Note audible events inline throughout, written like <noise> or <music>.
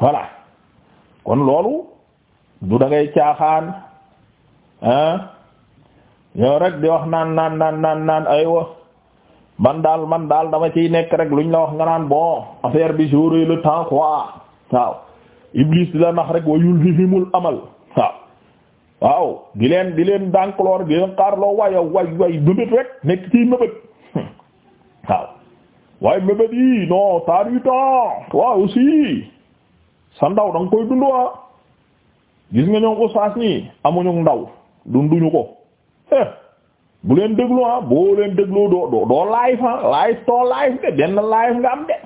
voilà kon loolu du da ngay caaxaan ah yow rek di wax naan naan naan naan naan aywa man daal man daal dama ciy nekk rek lu luñ la wax nga naan boo affaire bi jourer le temps quoi iblis di la nax rek wayul hihimul amal waaw di leen di leen dànkloor di leen xaarloo waayo way way mëbët rek nekk ciy mëbët <laughs> waaw waaye mëbët yi non t'as du temps toi aussi sa ndaw da koy dund waa ah. gis nga ñoom ustaas nii amuñu ndaw dunduñu ko eh, bu leen déglu ah boo leen dégloo doo doo doo live ah live too live de benn live nga am de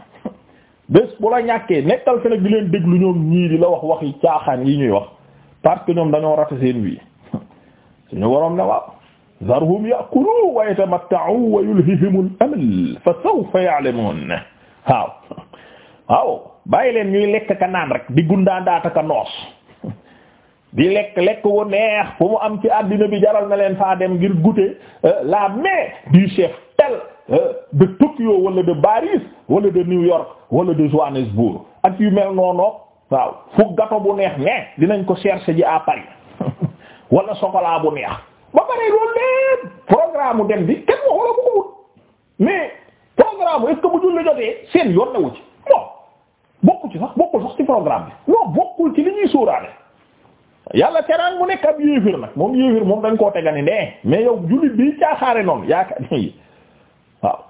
<laughs> bés bu la ñàkkee nekkal fi nag di leen déglu ñoom ñii di la wax waxi caaxaan yi ñuy wax parce que ñoom dañoo rate seen wii <laughs> suñu waroon ne waaw ma ya'kulu wa yatamatta'u wa yulhihimul amal fa sawfa ya'lamun waaw waaw bàyyi leen ñuy lekk ka naan rek di gundaandaata ka noos <laughs> di lekk lekk wu neex fu mu am ci àddina bi jaral na leen faa dem ngir goûter euh, la main du chef tel euh, de Tokyo wala de Paris wala de New York wala de Johannesburg ak yu mel noonu waaw fu gâteau bu neex ne dinañ ko chercher ji à Paris <laughs> wala chocolat bu neex ba pare loolu lépp programme dem bi kenn waxu la bu ko wut mais programme est bu julli jotee seen yoon na wu bokku ci sax bokkul sax ci programme bi non bokkul ci li ñuy sóoraale yàlla teraan mu nekk ab yéefir nag moom yéefir moom dañ koo tegani nee mais yow jullit bi caaxaare noonu yaakaar <laughs> ni waaw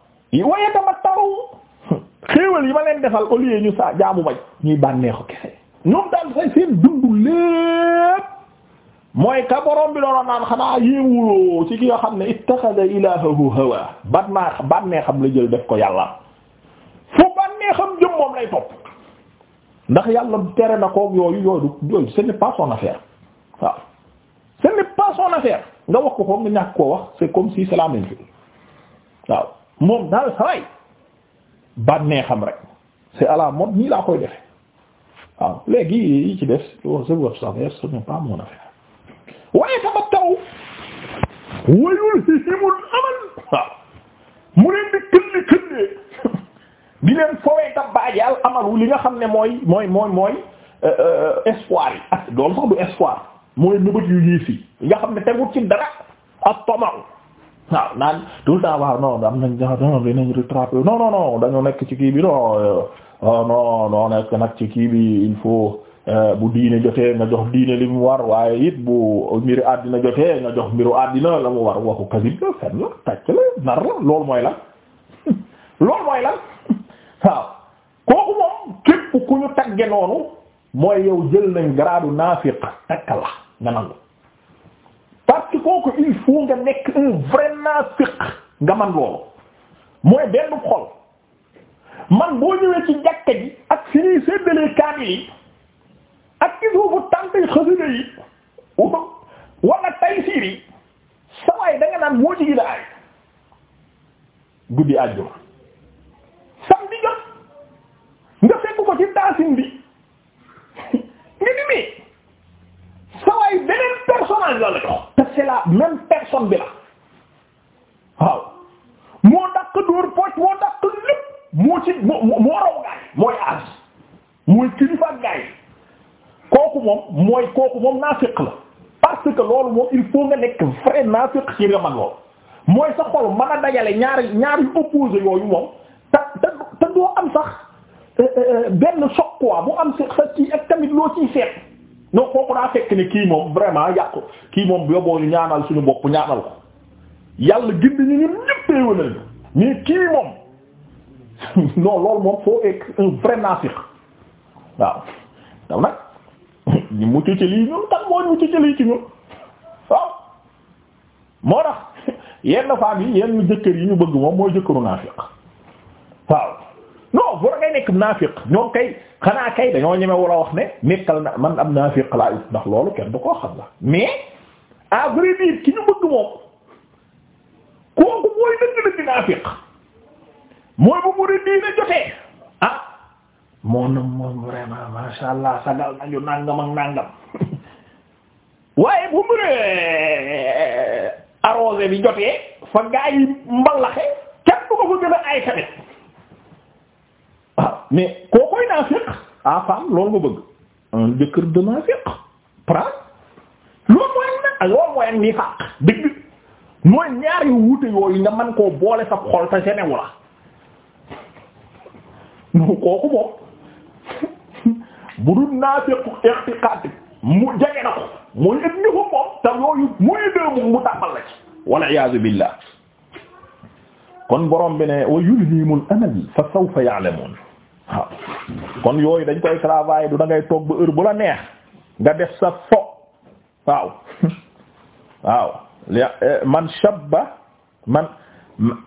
waaye dama taw xéewal yi ma leen defal au lieu ñu sa jaamu maj ñuy bànneexu kese ñoom daal say seen dundu lépp mooy ka bi doon naan xanaa yéewuloo xam ne ittaxada ilaahahu hawaa bat naa la jël def ko yàlla fu bànneexam jëm moom lay topp ndax yàlla tere na koog yooyu yooyu yooyu ce n'est pas son affaire waaw ce n'est affaire nga wax ko ko nga ñàkk koo wax c'est comme si c'est la même chose waaw moom daal saway bànnee xam rek c'est à nii laa koy defe waaw léegi yi ci def c'est votre affaire ce n'est pas mon affaire waaye tama taw wayul hihimul amal waaw mu leen di këlli këllee di leen fowee ta baajaal amalu li nga xam ne mooy mooy mooy mooy euh, euh, espoir yi ak ah, doon du espoir mooy nëbët yu yiis yi nga xam ne tegut ci dara ak tomaw waaw naan tout le temps waaw am nañ ja non dinañ rattrapé non non non nekk ci kii bi non euh, oh, non non nekk nag ci kii bi il faut bu diine jotee nga jox diine li mu war waaye it bu mbiru àddina jotee nga jox mbiru àddina la mu war waxu kasib la fen la tàcc la nar la loolu mooy la <laughs> loolu mooy la waaw kooku moom képp ku ñu tagge noonu mooy yow jël nañ gradu naafiq takk la nga nangu parce kooku il faut nga nekk un vrai naafiq nga man loolu mooy benn xol man boo ñëwee ci jàkka ji ak fi ñuy séddalee kaamil yi ak ci suufu tànk xasida yi wala taysiir yi sawaay da naan moo ci gën guddi àjjuma di nga fekk ko ci taasin bi <laughs> nga ni mais sawaay beneen personnage la la jox te c'est la même bi la waaw moo dàq dóor poche moo dàq lépp moo ci moo moo raw gaay mooy aas mooy kilifa gaay kooku moom mooy kooku moom naafiq la parce loolu moom il faut nga nekk vrai naafiq ci nga loolu mooy sa xol mën a dajale ñaari ñaari opposé yooyu moom te te doo am sax euh, euh, euh, benn choc quoi bu am sa kii ak tamit loo ciy seet non kooku daa fekk ne kii moom vraiment yàqu kii moom yoboo ñu ñaanal suñu bopp ñaanal ko yàlla gindi ñu ñun ñëpp teewul mais kii moom <laughs> non loolu moom foo ek un vrai waaw daw nag <laughs> ñu mucc ci lii ñun tax moo mucc ci lii ci ñun waaw moo tax <laughs> yenn femmes yi yenn jëkkër yi ñu bëgg moom mooy jëkkëru naafiq waaw non bor ngay nekk naafiq ñoom kay xanaa kay dañoo ñeme wala wax ne nekkal man am naafiq laa ut ndax loolu kenn du ko xam la mais à ki ñu bëgg moom kooku mooy dëgg-dëgg naafiq mooy bu mu di diine jotee ah, Allah sagal nañu nàngam nàngam <laughs> waaye bu mu arrosé bi jotee fa gaa yi mbalaxe kenn du ko fa gën a ay tamit waaw ah, mais koo koy naafiq a ah, femme loolu nga bëgg un jëkkër de naafiq pra loolu mooy nag ah, loolu mooy ak nifaaq dëgg mooy ñaar yu wuute yooyu nga mën koo boole sa xol te senewu la nu kooku moom bu dul naafiq i'tiqaad mu jege na ko mooy ëpp ni ko moom te yooyu muy dëemu mu tàmbal la ci wal iyaazu billaah kon borom bi ne wa yulhihimul amal fa sawfa ya'lamuun kon yooyu dañ koy travailler du da ngay toog ba heure bu la neex nga def sa fo waaw <laughs> waaw eh, man shabba man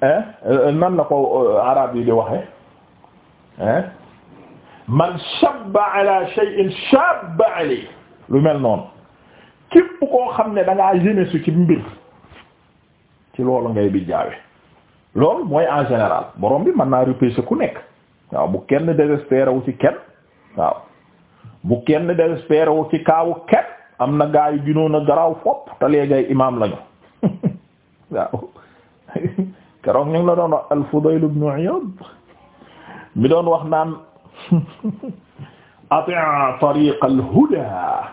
eh, nan la ko eh, arab yi di waxe hein man shabba ala shabba alayhi lu mel noonu képp koo xam ne da ngaa su ci mbir ci loolu ngay bi jaawe loolu mooy en général borom bi mën naa repêcher ku nekk waaw bu kenn désespéré wu ci kenn waaw bu kenn désespéré wu ci kaawu kenn am na gaa yu ginoon a garaaw fopp te léegay imaam lañu <laughs> waaw keroog ñu ngi la doon wax al-Fudayl ibn Iyad mi doon wax naan <laughs> ati' tariq al-huda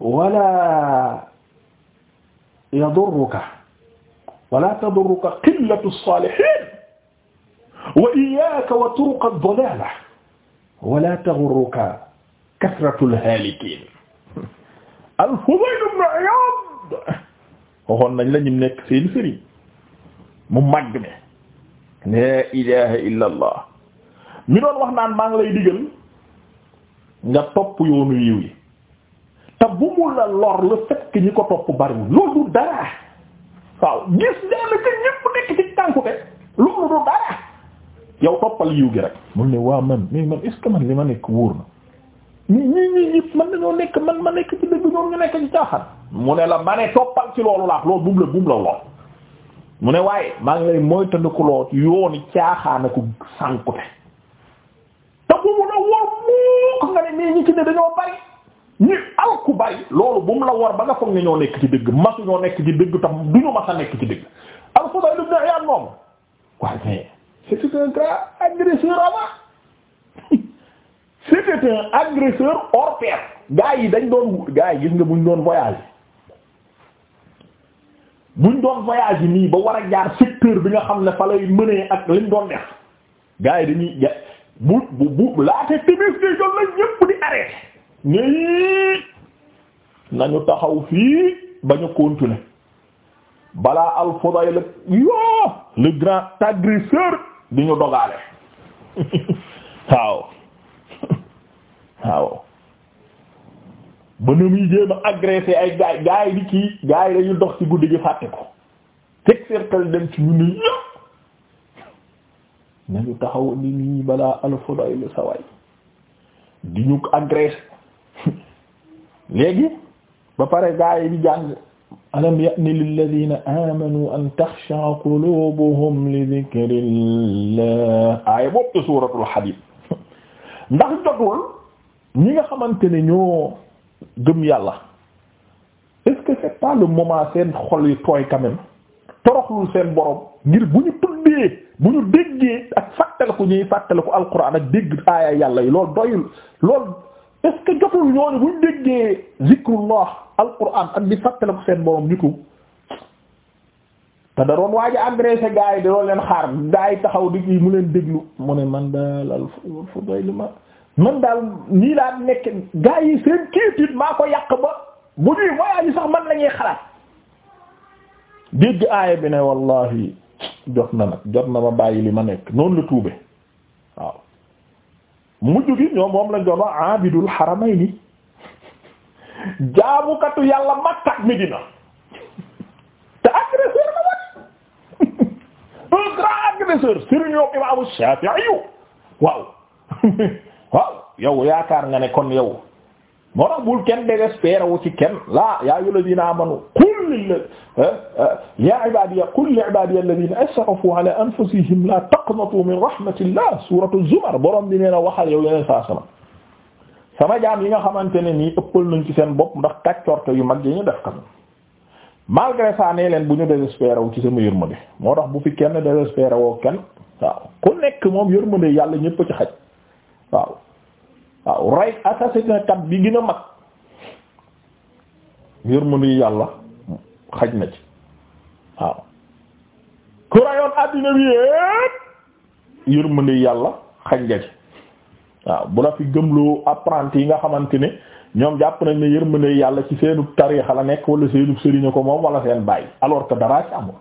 wala yadurruka wala tadurruka qillatu as-salihin wa iyyaaka wa turuqa ad-dalaala wa laa taghurruka kasratu al-haalikiin al-Fudayl ibn Iyaad waxoon nañ la ñu nekk seen sëriñ mu màgg ne laa ilaaha illa allah mi doon wax naan maa ngi lay digal nga topp yoonu yiw yi te bu mu la lor le fait que ñi ko topp bariwul loolu du dara waaw gis daanaka ñépp nekk ci tànku te loolu du dara yow toppal yiw gi rek mun ne waaw man mais man est que man li ma nekk wóor na ñii ñii ñii ñëpp man nañoo nekk man ma nekk ci dëgg ñoom ñu nekk ci caaxaan ma ne toppal ci loolu laax loolu buum la buum mu ne waaye maa ngi lay moytandikuloo yooni caaxaan ko sànkute te bu mun a nga ne ci ne dañoo bari ñu la war ba nga foog ne ñoo nekk ci dëgg masu ñoo nekk ci dëgg tam duñu mas a nekk ci dëgg al Fudayl ibn Iyad moom waaye c'était un grand agresseur avant <laughs> c'était un yi dañ doon gars yi gis nga buñ doon voyage buñ doon voyage yi nii ba war a jaar secteur bi nga xam ne fa lay mënee ak lañ doon def gars yi dañuy bu bu bu laata timis di jot lañ ñëpp di arrêté nii nañu taxaw fii bañ a continuer balaa al Fudayl yoo le grand agresseur di ñu dogaale waaw waaw ba na muy jéem a agressé ay gaay gaay di kii gaay dañu dox ci guddi gi fàtte ko teg cercle dem ci ñu ni yëpp nañu taxaw ni nii balaa alfuday lu saway di ñu agressé <laughs> léegi ba pare gaay yi di jàng alam ya'ni lilladhina amanu an takhsha'a qulubuhum li dhikrillah aaya bopp suuratul Hadiid ndax jotul ñi nga xamante ne ñoo gëm yàlla est-ce que c'est pas le moment seen xol yi tooy quand même toroxlul seen borom ngir bu ñu tuddee bu ñu déggee ak fàttaliku ñuy fàttaliku alquran ak dégg aaya yàlla yi loolu doyul loolu est-ce que jotul ñooñu buñ déggee zikrullah alquran ak di fàttaliku seen borom ñu tuub te da doon waaj a agressé gars yi da doon leen xaar gars yi taxaw di kii mu leen déglu mu ne man daal al Fudayl ma man daal nii laa nekk gars yi seen quiétude maa ko yàq ba bu ñuy voyage sax man la xalaat dégg aaya bi ne wallahi jot na nag jot na ma bàyyi li ma nekk noonu la tuube waaw mujj gi ñoom moom lañ abidul xaramayni jaamukatu yàlla Makka Medina te agresseur la woon un grand agresseur sëriñ yow imaamu Shaafi'i waaw <laughs> waaw yow yaakaar nga ne kon yow moo tax bul kenn désespéré wu ci kenn laa yaa la alladhina amanu qul lil eh, eh, ya ibadiya qul li ibadiya alladhina asrafu ala anfusihim la taqnatu min rahmatillah suratu zumar borom bi nee na waxal yow yeneen saa sama sama jaam yi nga xamante ne nii ëppal nañ ci seen bopp ndax tàccorte yu mag yi ñu def kam malgré ça nee leen bu ñu désespéré wu ci sama yërmande moo tax bu fi kenn désespéré woo kenn waaw ku nekk moom yërmande yàlla ñëpp ci xaj waaw rey assassin kat bi gën a mag yërmande yàlla xaj na ci waaw ku rayoon àddina bi yépp yërmande yàlla xaj nga ci waaw bu la fi gëmloo apprenti yi nga xamante ni ñoom jàpp nañ ne yërmande yàlla ci seenu tariixa la nekk wala seenu sëriñ ko moom wala seen bàyyi alors que daraa ci amul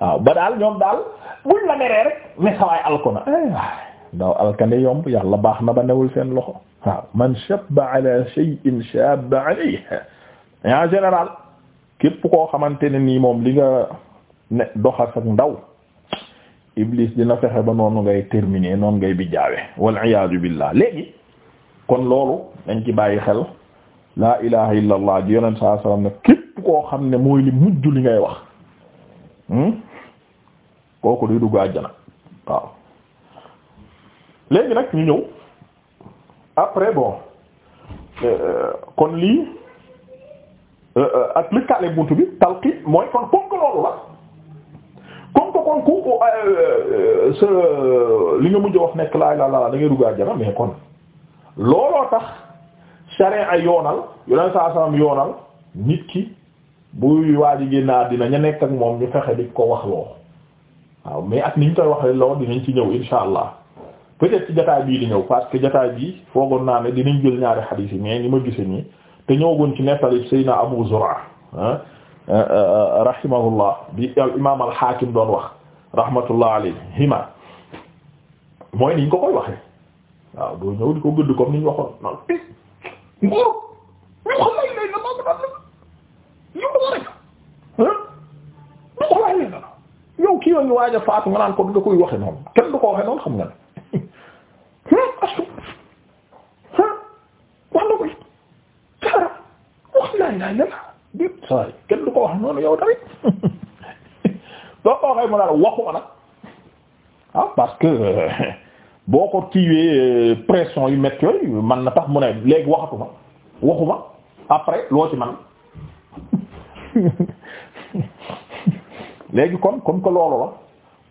waaw ba daal ñoom daal buñ la meree rek ne sawaay alko na eh, ndaw alkande yomb yàlla baax na ba newul seen loxo waaw man shabba ala shay'in shabba alayhi en général képp koo xamante ne nii moom li nga ne doxas ak ndaw iblis dina fexe ba noonu ngay terminer noonu ngay bijjaawe wal iyaadu billah léegi kon loolu dañ ci bàyyi xel laa ilaha illa allah ji yonent saa sallam ne képp koo xam ne mooy li mujj li ngay wax hmm, kooku day dugg àjjana waaw léegi nag ñu ñëw après bon euh, kon lii euh, euh, ak lëkkaale buntu bi talqit mooy kon ponk loolu la comme que kon ku sa li nga mujj wax nekk laa la la da ngay dugg àjjana mais kon looloo tax sharin ay yoonal yoneen saa saam yoonal nit ki buy waaj a génn àddina ña nekk ak moom ñu fexe di ko wax loo waaw mais ak ni ñu wax waxee lool dinañ ci ñëw insha allah peut-être ci jotaay bii di ñëw parce que jotaay bii foogoon naa ne dinañ jël ñaari xadiis yi mais ni ma gise nii te ñëwoon ci nettali Seydina Abu Zur'a ah, ah, rahimahullah bi al imaam al Haakim doon wax rahmatullah alayhima mooy niñ ko koy waxee waaw doo ñëw di ko gëdd comme niñ waxoon noonu eh, nguur ñu xolay ko doon ñu yow kii yoo ñu waaj faatu nga naan ko du nga koy waxe noonu kenn du ko waxe noonu xam nga ne asu wax na ko dara wax ko wax noonu yow tamit doo ko waxee mu daal nag ah parce que boo ko kiiwee pression yu métti yooyu man na tax mu ne léegi waxatuma waxuma après loo ci man léegi kon comme que loolu la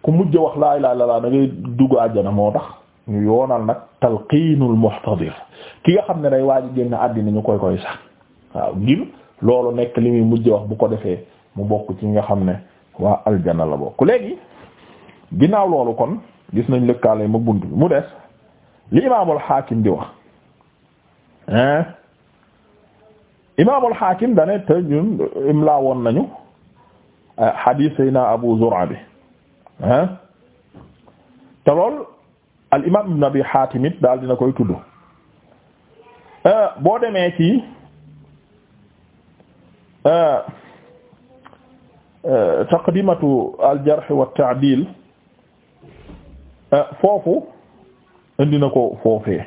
ku mujj wax laa ilaha illa allah da ngay dugg àjjana moo tax ñu yoonal nag talqiinul muhtadir ki nga xam ne day waaj génn àddina ñu koy koy sax waaw ngir loolu nekk li muy mujj wax bu ko defee mu bokk ci nga xam ne waa aljana la bokk léegi ginnaaw loolu kon gis nañ lëkkaale ma bunt bi mu des li imaamul xaakim di wax hein imaamul xaakim dane te ñun imlaa woon nañu eh, xadiis sayna abu zur'a bi hein te lool al imaam ibn abi haatim daal dina koy tudd euh, boo demee ci euh, euh, taqdimatu al jarh wa ta'dil foofu indi na ko foofee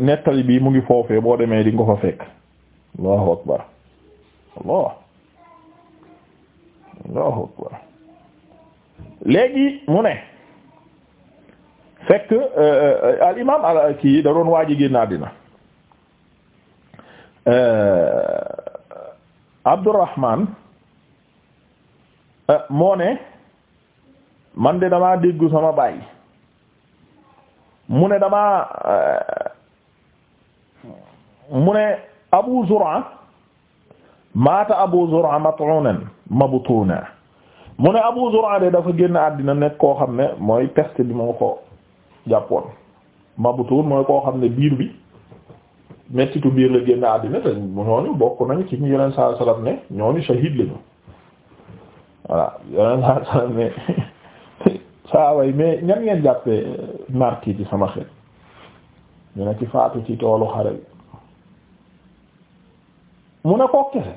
nettali bi mu ngi foofee boo demee di nga ko fa fekk allahu akbar allah akbar léegi mu ne fekk euh, euh, al imaam al kii da doon waaj génn àddina euh, Abdurrahman moo ne man de damaa déggu sama baay mu ne damaa mu ne Abu Zur'a maata Abu Zur'a mat'unan mabtuna mu ne Abu Zur'a de dafa génn àddina nekk koo xam ne mooy peste bi moo ko jàppoon mabtuun mooy koo xam ne biir bi mettitu biir la génn àddina te ñooñu bokk nañ ci ñu yeneen saa salaam ne ñooñu shahid lañu voilà yeneen saa salaam ne <laughs> saa way mais ñan ngeen jàppee marti yi sama xel ñu ne ci faatu ci toolu xare bi mu ne koo kese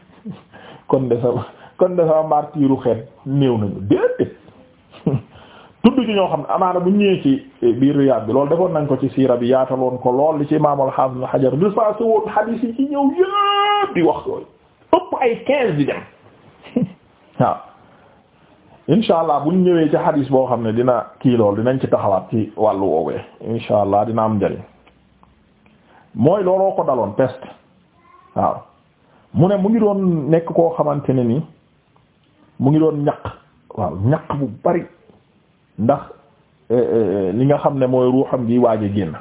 <laughs> kon de sama kon de sama martiru xel néew nañu déedéet tudd ci ñoo xam ne amaana bu ñëwee ci eh, biir Riyad bi loolu defoon nañ ko ci siira bi yaataloon ko lool li ci imaam al-Hafiz Ibn Hajar recensé woon hadith yi ci ñëw yëpp di wax yooyu ëpp ay quinze di dem <laughs> waaw insha allah buñ ñëwee ci hadith boo xam ne dina kii lool dinañ ci taxawaat ci wàllu woowee insha allah dina am njëriñ mooy looloo ko daloon peste waaw mu ne mu ngi doon nekk koo xamante ne ni mu ngi doon ñaq waaw ñaq bu bari ndax eh, eh, eh, li nga xam ne mooy ruuxam gi waaj a génn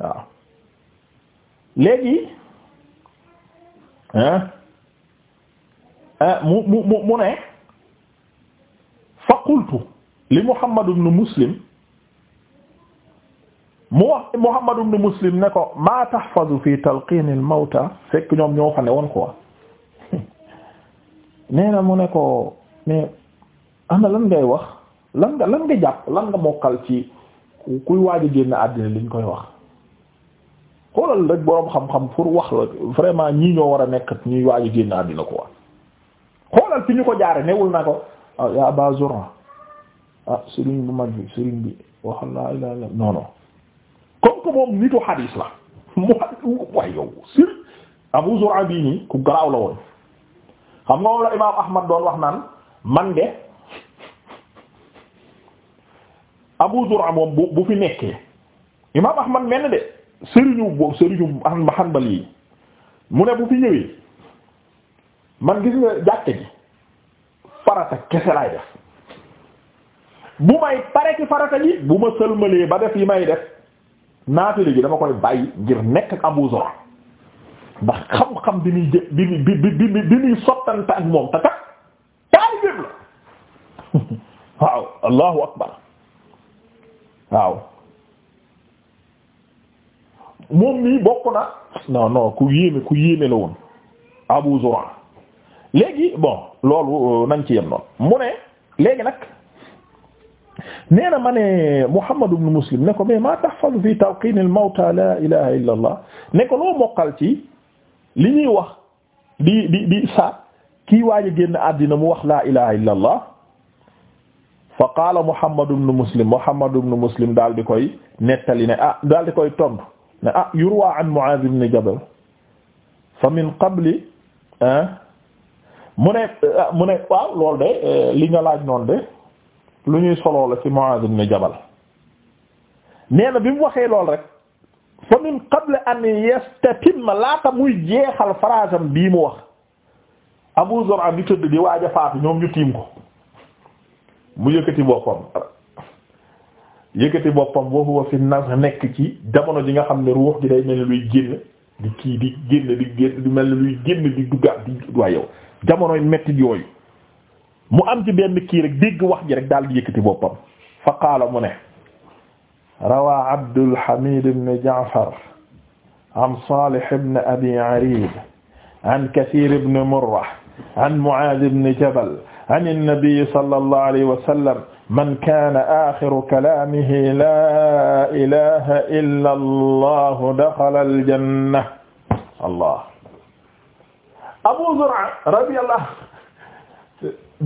waaw léegi mu mu mu mu ne fa qultu li Muhammad ibn Muslim mu wax Muhammad ibn Muslim ne ko maa tahfazu fi talqiin al fekk ñoom ñoo fa ne woon quoi <laughs> nee na mu ne ko mais ana lan ngay wax lan nga lan nga jàpp lan nga mokkal ci kuy waaj a génn àddina liñ koy wax xoolal rek boroom xam-xam pour wax la vraiment ñii ñoo war a nekk ñuy waaj a génn àddina ko wax xoolal fi ñu ko jaare newul na ko ah yaa Aba Zur'a ah sëriñ bu mag bi sëriñ bi waxal laa ilaa ilaa non non comme que moom nitu xadiis la <laughs> moo waaye yow sir Abu Zur'a bii nii ku garaaw la woon xam nga moom la imaam Ahmad doon wax naan man de Abu Zur'a moom bu bu fi nekkee Imaam Ahmad mel de sëriñu boobu sëriñu Hanbal yi mu ne bu fi ñëwee man gis nga jàkke ji farata kese laay def bu may pare ci farata ji bu ma sëlmalee ba def yi may def naafile ji dama koy bàyyi ngir nekk ak Abu Zur'a ndax xam-xam bi muy jë bi bi bi ak moom te kat taalibeem la <laughs> waaw allahu akbar waaw moom mii bokk na non non ku yéeme ku yéeme la woon Abu Zur'a léegi bon loolu euh, nañ ci yem noonu mu ne léegi nag nee na ma ne Muhammad ibn Muslim ne ko mais ma tahfalu fi talqin al la ilaha illa ne ko loo mokkal ci li ñuy wax di di di sa kii waaj a génn àddina mu wax la ilaha illa allah fa qaala Muhammad ibn Muslim Muhammad ibn Muslim daal di koy nettali ne ah daal di koy tontu ne ah yurwa an Mu'aaz ibn Jabal fa min qabli ah, mu ne ah, mu ne waaw loolu de eh, li nga laaj noonu de lu ñuy soloo ci Mu'aaz ibn Jabal nee na bi mu waxee lool rek fa min qabli an yastatimma laata muy jeexal phrase bii mu wax Abu Zur'a bi tëdd di waaj a ñoom ñu tiim ko mu yëkkati boppam yëkkati boppam wa huwa fi nas nekk ci jamono ji nga xam ne ruux gi day mel ni luy génn di kii di génn di génn di mel ni luy génn di duggaat di waaye yow jamonoy metti yooyu mu am ci benn kii rek dégg wax ji rek daal di yëkkati boppam fa qaala mu ne rawaa Abdul Hamid ibn Ja'far an Salih ibn Abi Arib an Kathir ibn Murrah an Mu'adh ibn Jabal an annabi sallallahu alayhi wa sallam man kaana axiru kalaamihi laa ilaha illa allah daxala aljanna allah Abu Zur'a radiyallahu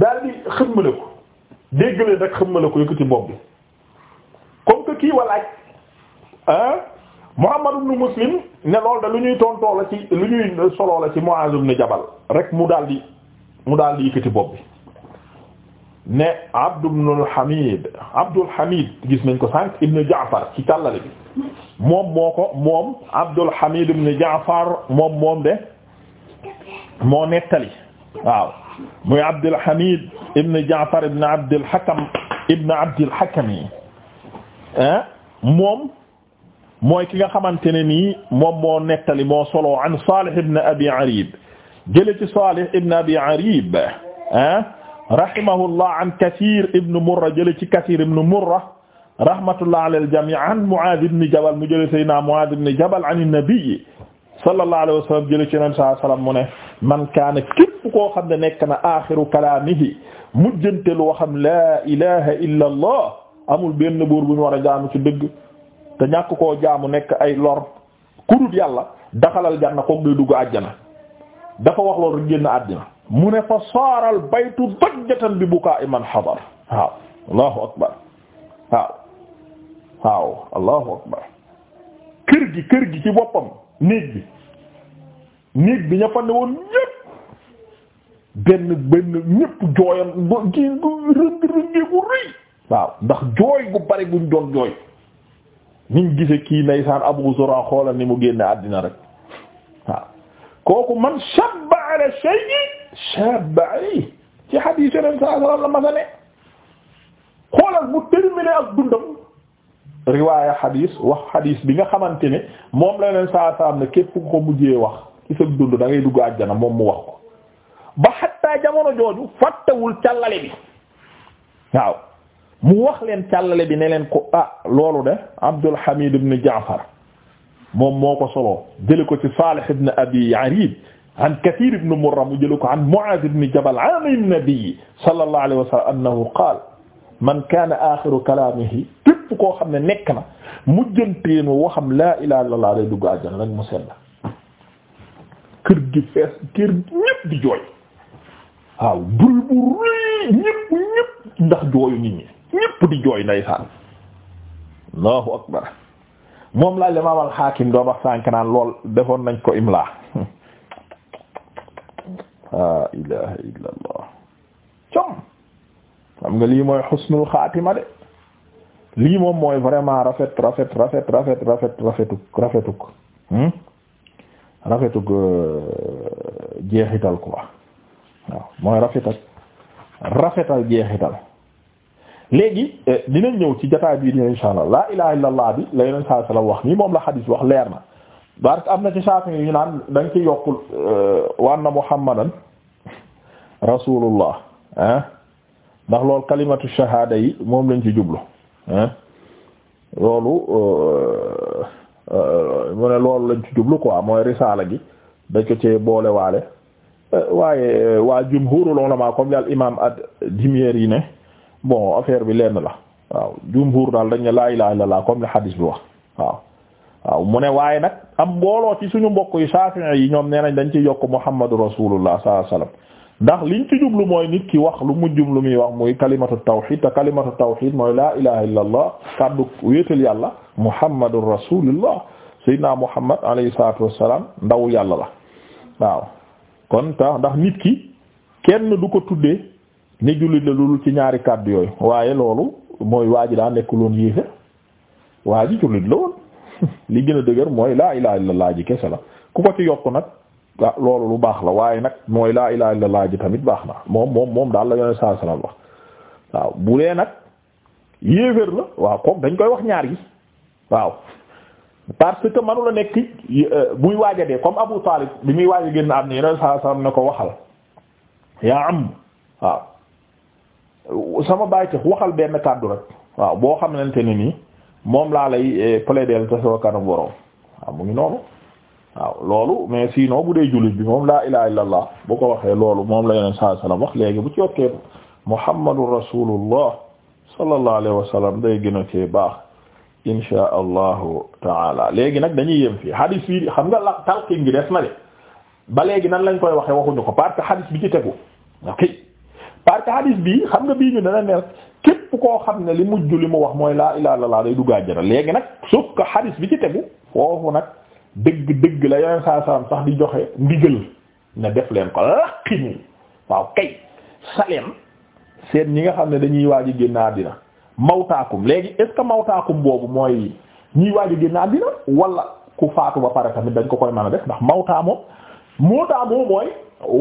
daal di xëmmale ko déggle rek xëmmale ko yëkkati bopp bi comme que kii walaaj ah Muhammad ibn Muslim ne loolu da lu ñuy tontoo la ci lu ñuy soloo la ci Mu'az ibn Jabal rek mu daal di mu daal di yëkkati bopp bi ne Abdu ibnul Hamid Abdul Hamid gis nañ ko sànq ibnu Jaafar ci tallale bi moom moo ko moom Abdul Hamid ibnu Jaafar moom moom de moo nettali waaw muy Abdul Hamid ibnu Jaafar ibnu Abdul Hakam ibnu Abdul Hakam yi eh? moom mooy ki nga xamante ne nii moom moo nettali moo solo an Salih ibnu Abi Arib jële ci Salih ibnu Abi Arib ah eh? rahimahullah an Kathir ibn Murra jële ci Kathir ibn Murra rahmatullah ala al-jami' an Mu'adh ibn Jabal mu jële sayyidina Mu'adh ibn Jabal an an-nabi sallallahu alayhi wa sallam jële ci nabi sallallahu alayhi wa sallam mu ne man kaana képp koo xam ne nekk na axiru kalaamihi mujjante loo xam laa ilaha illa allah amul benn buur bu ñu war a jaamu ci dëgg te ñàkk koo jaamu nekk ay lor ku dul yàlla daxalal janna koog day dugg àjjana dafa wax loolu rek génn àddina mu ne fa saara al baytu dajjatan bi bukaa'i man hadar waaw allahu akbar waaw waaw allahu akbar kër gi kër gi ci boppam néeg bi néeg bi ña fa ne woon ñépp benn benn ñépp jooyam gi rëng rëngee gu rëy waaw ndax jooy gu bari guñ doon jooy niñ gise kii naysaan Abu Zura xoolal ni mu génne àddina rek waaw kooku man shabba ala shay'in shab ay ci hadith yeneen saa salaam la masa xoolal bu terminé ak dundam riwaaya hadith wax hadith bi nga xamante ne moom la yeneen saa salaam ne képp ko mujjee wax ci sa dund da ngay dugg àjjana moom mu wax ko ba xattaa jamono jooju fàttewul càllale bi waaw mu wax leen càllale bi ne leen ko ah loolu de Abdul Hamid ibn Jaafar moom moo ko solo jële ko ci Salih ibn Abi Yarid an Kathir ibn Murra mu jëlu ko an Mu'aaz ibn Jabal aami nabi sallallahu alayhi wa sallam annahu qaala man kaana aaxiru kalaamihi képp koo xam ne nekk na mujjanteenu waxam laa ilaaha illallaah lay dugg àjjana rek mu sell kër gi fees kër ñëpp di jooy waaw bur bu rëy ñëpp ñëpp ndax jooyu nit ñi ñëpp di jooy ndeysaan Allahu akbar moom laa Imaam al-Haakim doon wax sànk naan lool defoon nañ ko imla <laughs> la ilaha illa allah com xam nga lii mooy xusnul xaatima de lii moom mooy vraiment rafet rafet rafet rafet rafet rafetuk rafetuk hmm? rafetuk euh, jeexital ko waaw mooy rafetal rafetal jeexital léegi euh, dinañ ñëw ci jotaay bii dina insha allah laa ilaha illa allah bi la yeneen saa sallam wax nii moom la xadiis wax leer na bark am na ci Shafi'i yu naan da ci yokk euh, wa na Muhammadan rasulullah ah ndax loolu kalimatu shahada yi moom lañ ci jublu ah loolu euh, euh, mu ne loolu lañ ci jublu quoi mooy risaala gi dañ ko cee boole waale waaye waa jumhurul ulama comme li al imam ad yi ne bon affaire bi lenn la waaw jumhur daal dañ ne laa ilaha illallah comme le hadith bi wax waaw waaw mu ne waaye nag am mbooloo ci suñu mbokk yu Shafi'i yi ñoom nee nañ dañ ci yokk Muhammadu Rasulullah sallallahu alayhi wasallam ndax liñ ci jublu mooy nit ki wax lu mujjum lu muy wax muy kalimatu tawhid te kalimatu tawhid mooy laa ilaha illa allah kaddu wéetal yàlla Muhammadu Rasulullah sayyidina Muhammad alayhi salatu wassalam ndawu yàlla la waaw kon tax ndax nit ki kenn du ko tuddee ni jullit la loolu ci ñaari kàddu yooyu waaye loolu mooy waa ji daa nekkuloon yéefe waa li gën a dëgër mooy laa ilaha illallah ji kese la ku ko ci yokk nag ah loolu lu baax la waaye nag mooy laa ilaha illallah ji tamit baax na moom moom moom daal la yoneen saa la wax waaw bu dee nag yéeféer la waaw kook dañ koy wax ñaar yi waaw parce que manu nekk euh, buy waaja dee comme Abu Talib bi muy waaja génn am ni yoneen saa salaam ne ko waxal yaa am waaw sama bàyyi waxal benn kàddu rek waaw boo xamante ne nii moom laa lay eh, plaidel te soo kanam borom waaw ah, mu ngi noonu waaw loolu mais sinon bu dee julit bi moom laa ilaha illallah bu ko waxee loolu moom la yeneen saa sallam wax léegi bu ci yokkee muhammadu rasulullah sallallahu alayhi wa sallam day gën a cee baax insha allahu taala léegi nag dañuy yem fii xam nga la talqin gi des na de ba léegi nan lañ koy waxee waxuñu ko parce que hadis bi ci tegu ok parce que bi xam nga bii da dana ne képp koo xam ne li mujj li mu wax mooy laa ilaaha illallaah day dugg àjjana léegi nag sauf que hadis bi ci tegu foofu nag dëgg dëgg la yeneen saa salaam sax di joxe ndigal ne def leen ko laqi nii waaw seen ñi nga xam ne dañuy waaj a génn àddina mawtaakum léegi est ce mawtaakum boobu mooy ñuy waaj a génn àddina wala ku faatu ba pare tamit dañ ko koy mën a def ndax mawtaa moom mawtaa moom mooy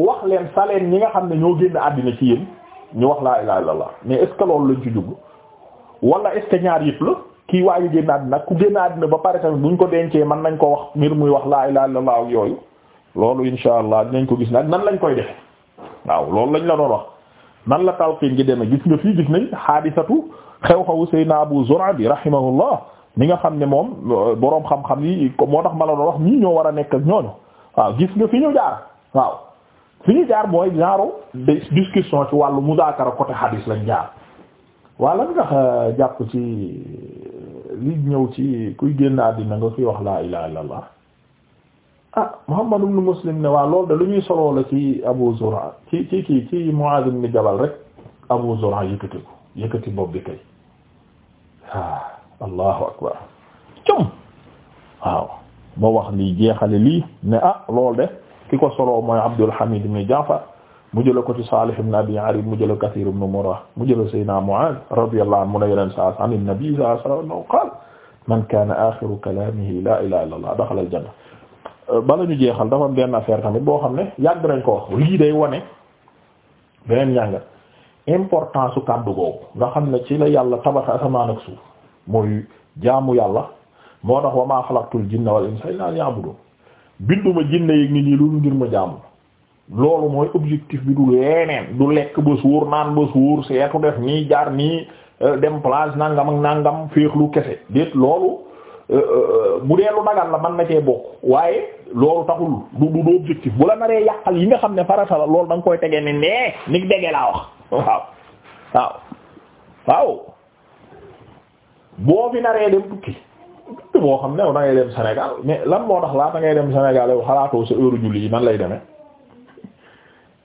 wax leen saleen ñi nga xam ne ñoo génn àddina ci yéen. ñu wax laa ilaha illallah mais est ce que loolu lañ ci jublu wala est ñaar yëpp la kii waayu génn àddina ku génn àddina ba pare tamit buñ ko dencee man nañ ko wax mbir muy wax laa ilaha illallah ak yooyu loolu insha allah nañ ko gis nag nan lañ koy defe waaw loolu lañ la doon wax man la talqiin gi demee gis nga fii gis nañ xaadisatu xew-xewu Seydina Abu Zur'a bi rahimahullah mi nga xam ne moom euh, boroom xam-xam yi moo tax ma la doon wax ñii ñoo war a nekk ak waaw gis nga fi ñu waaw fi ñu jaar mooy genre discussion ci wàllu muzaakara côté hadis lañ jaar waa lan nga jàpp ci euh, li ñëw ci kuy génn àddina nga fi wax laa ilaaha illallah ah Muhammad ibn Muslim ne waa loolu de lu ñuy soloo la ci Abu Zur'a ci ci ci ci Muaz Jabal rek Abu Zur'a yëkkati yëkkati bopp bi kay ah allahu akbar cum waaw ba wax lii jeexale lii ne ah lool de ki ko soloo mooy Abdul Hamid ibn Ja'far mu jëla ko ci Salih ibn Abi Arib mu jëla Kathir ibn Murrah mu jëla Sayyidina Mu'adh radiyallahu anhu mu ne yeneen saa an an-nabi sallallahu alayhi wa sallam annahu qaala man kaana aaxiru kalaamihi laa ilaaha illallah daxala al-janna bala ñu jeexal dafa am benn affaire tamit boo xam ne yàgg nañ ko wax lii day wane beneen njàngat importance su kàddu googu nga xam ne ci la yàlla tabax asamaan ak suuf mooy jaamu yàlla moo tax wa maa xalaqtul jinna wal insa illaa liya'buduun binduma jinne yi nit ñi loolu ngir ma jaamu loolu mooy objectif bi du leeneen du lekk ba suur naan ba suur seetu def nii jaar nii euh, dem plage nangam ak nangam féexlu kese déet loolu euh, euh, bu dee lu dagan la mën na cee bokk waaye loolu taxul du du objectif bu la naree yàqal yi nga xam ne farata la loolu da koy tegee ne nee nig dege laa wax waaw waaw boo fi naree dem tukki boo xam ne da ngay dem Sénégal mais lan moo tax laata ngay dem Sénégal yow xalaatoo sa heure julli yi nan lay demee.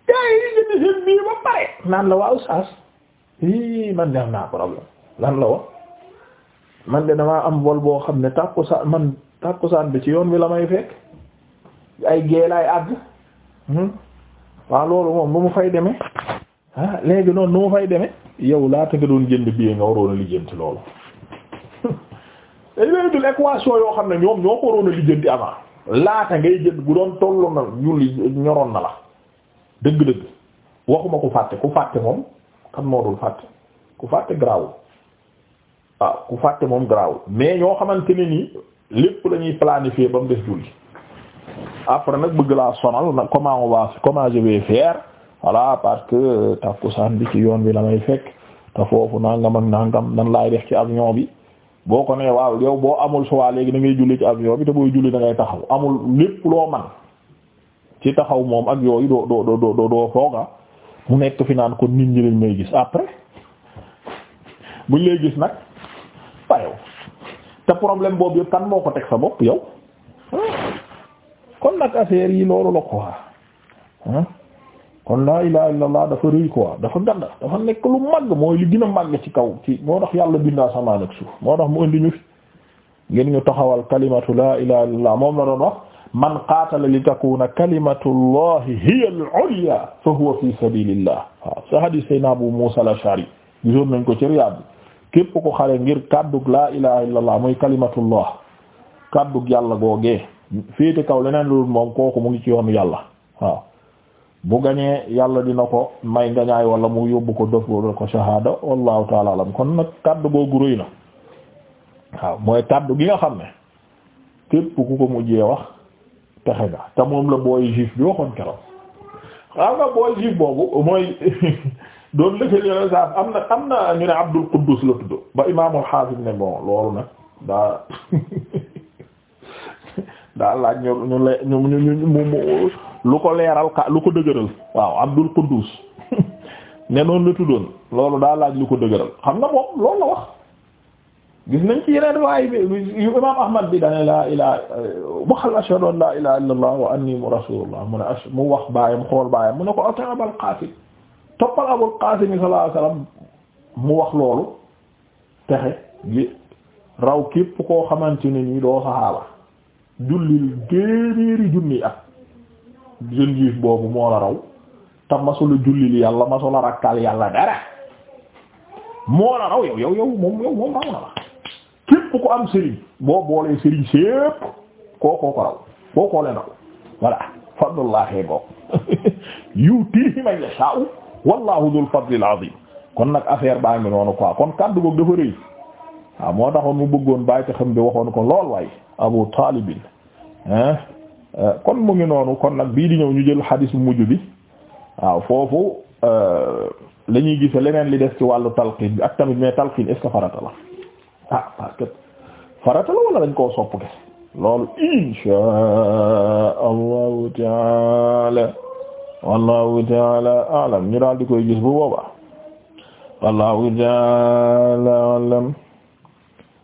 gars yi jënd seen biir ba pare naan la waaw saas ii man dem naa problème lan la wax man de damaa am vol boo xam ne tàkkusaan man tàkkusaan bi ci yoon wi la may fekk ay geelaay àgg hmm? waaw loolu moom nu mu fay deme ah léegi noonu nu mu fay demee yow laata nga doon jënd biir nga waroon a lijjanti loolu. dañ lay dul équation yoo xam ne ñoom ñoo ko waroon a lijjanti avant laata ngay jënd bu doon tollu na julli ñoroon na la dëgg-dëgg waxuma ku fàtte ku fàtte moom kan moo dul fàtte ku fàtte garaawul waaw ku fàtte moom garaawul mais ñoo xamante ne nii lépp lañuy ñuy planifier ba mu des julli après nag bëgg laa sonal nag comment on va comment je vais faire voilà parce que takkusaan bi ci yoon bi la may fekk te foofu nangam ak nangam nan laay def ci avion bi. boo ko nee waaw yow boo amul choix léegi da ngay julli ci avion bi te booy julli da taxaw amul lépp loo man ci taxaw moom ak yooyu doo doo doo doo doo mu nekk fi naan kon nit ñi lañ may gis après <laughs> buñ lay gis nag ba yow te problème boobu yëpp kan moo ko teg sa bopp yow hmm. kon nag affaire yi loolu la quoi. Hmm. kon laa ilaha illa allah dafa rëy quoi dafa ganda dafa nekk lu màgg mooy li gën a màgg ci kaw ci moo tax yàlla bindaa samaan suuf moo tax mu indi ñu fi ngeen ñu taxawal kalimatu laa ilaha illa allah moom la doon wax man qaatala li takuna kalimatu llahi hiya al-ulya fa huwa fi sabilillah waaw sa hadis sayna abu musa al-ash'ari gisoon nañ ko ci riyaad képp ko xale ngir kàddug laa ilaha illa allah mooy kalimatullah kàddug yàlla googee féete kaw leneen lu moom kooku mu ngi ci yoonu yàlla bu gañee yàlla dina ko may ngañaay wala mu yóbbu ko dof loolu ko shahada wallahu taala alam kon nag kàddu googu rëy na waaw mooy kàddu gi nga xam ne képp ku ko mujjee wax texe nga te moom la booy juif bi waxoon boobu mooy <laughs> doon lëkkale yeneen saa am na am na ñu ne Abdul Quddus la tudd ba imaamul xaafis ne bon loolu nag daa <laughs> daa laaj ñu ñu ñu ñu mu. lu ko leeral ka lu ko dëgëral waaw Abdul Quddus <laughs> ne noonu la tuddoon loolu daa laaj lu ko dëgëral xam nga moom loolu la wax gis nañ ci yeneen riwaay bi yu imam ahmad bi dane laa ilaa waxal ashhadu an laa ilaha illa allah wa anni rasulullah mu ne mu wax baayam xool baayam mu ne ko ata abul qasim toppal abul qasim sallallahu alayhi wax loolu texe gi raw képp koo xamante ne nii doo saxaaba jullil géenéeri junni ak jeune juif boobu moo la raw te masula jullil yàlla masula rakkal yàlla dara moo la raw yow yow moom raw na la képp ku am sëriñ boo boolee sëriñ sépp kookoo ko raw kookoo leen raw voilà fadlullaahi <laughs> boo yu'tiihi man yashaa'u wallaahu dhul fadlil azim kon nag affaire baa ngi noonu quoi kon kaddu goog dafa rëy waaw moo taxoon mu bëggoon bàyyi te xam bi waxoon ko lool waaye Abu Taalib hein Euh, kon mu ngi noonu kon nag bii di ñëw ñu jël xadis bu mujj bi waaw foofu euh, la gise leneen li def ci wàllu talqin bi ak tamit mais talqin est-ce que farata ah, dañ koo sopp ke loolu inshaa allahu taala wallahu taala alam ñu daal di koy gis bu boobaa wallahu taala alam